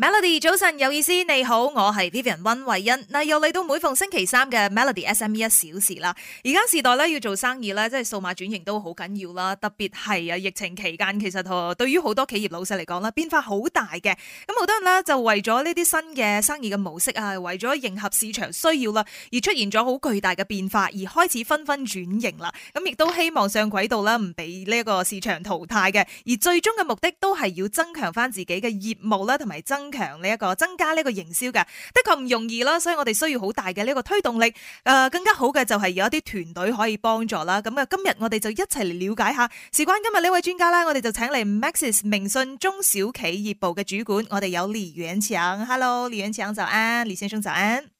Melody 早晨有意思，你好，我係 Vivian 溫慧欣。嗱又嚟到每逢星期三嘅 Melody SME 一小時啦。而家時代咧要做生意咧，即係數碼轉型都好緊要啦。特別係啊疫情期間，其實對於好多企業老細嚟講啦，變化好大嘅。咁好多人咧就為咗呢啲新嘅生意嘅模式啊，為咗迎合市場需要啦，而出現咗好巨大嘅變化，而開始紛紛轉型啦。咁亦都希望上軌道啦，唔俾呢個市場淘汰嘅。而最終嘅目的都係要增強翻自己嘅業務啦，同埋增。強呢一個增加呢個營銷嘅的，的確唔容易咯，所以我哋需要好大嘅呢個推動力。誒、呃，更加好嘅就係有一啲團隊可以幫助啦。咁啊，今日我哋就一齊嚟了解一下。事關今日呢位專家咧，我哋就請嚟 Maxis 明信中小企業部嘅主管，我哋有李元強。Hello，李元強，早安，李先生，早安。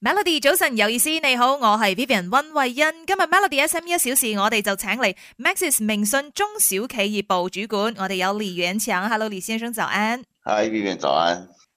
Melody 早晨有意思，你好，我係 Vivian 溫慧欣。今日 Melody SME 一小時，我哋就請嚟 Maxis 明信中小企業部主管，我哋有李元強。Hello，李先生早安。Hi，Vivian 早安。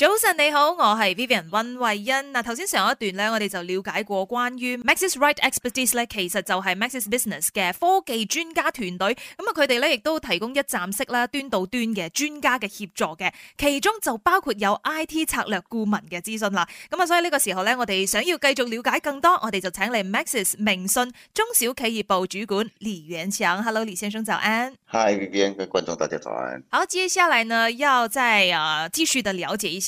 早晨你好，我係 Vivian 溫慧欣嗱。頭先上一段咧，我哋就了解過關於 Maxis Right Expertise 咧，其實就係 Maxis Business 嘅科技專家團隊。咁啊，佢哋咧亦都提供一站式啦、端到端嘅專家嘅協助嘅，其中就包括有 IT 策略顧問嘅諮詢啦。咁啊，所以呢個時候咧，我哋想要繼續了解更多，我哋就請嚟 Maxis 明信中小企業部主管李遠祥。Hello，李先生早安。Hi，Vivian，各位觀眾大家早安。好，接下嚟呢要再啊繼續的了解一。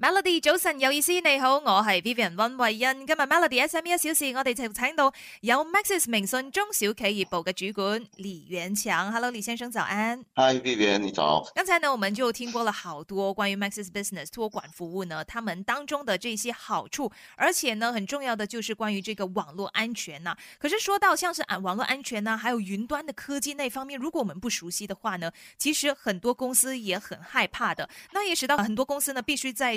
Melody 早晨，有意思，你好，我係 Vivian 溫慧欣。今日 Melody SME 一小時，我哋就請到由 Maxis 明信中小企業部嘅主管李元強。Hello，李先生早安。Hi，Vivian，你早。剛才呢，我們就聽過了好多關於 Maxis Business 託管服務呢，他們當中的這些好處，而且呢，很重要的就是關於這個網絡安全啦、啊。可是說到像是啊網絡安全呢、啊，還有雲端的科技那方面，如果我們不熟悉的話呢，其實很多公司也很害怕的。那也使到很多公司呢，必須在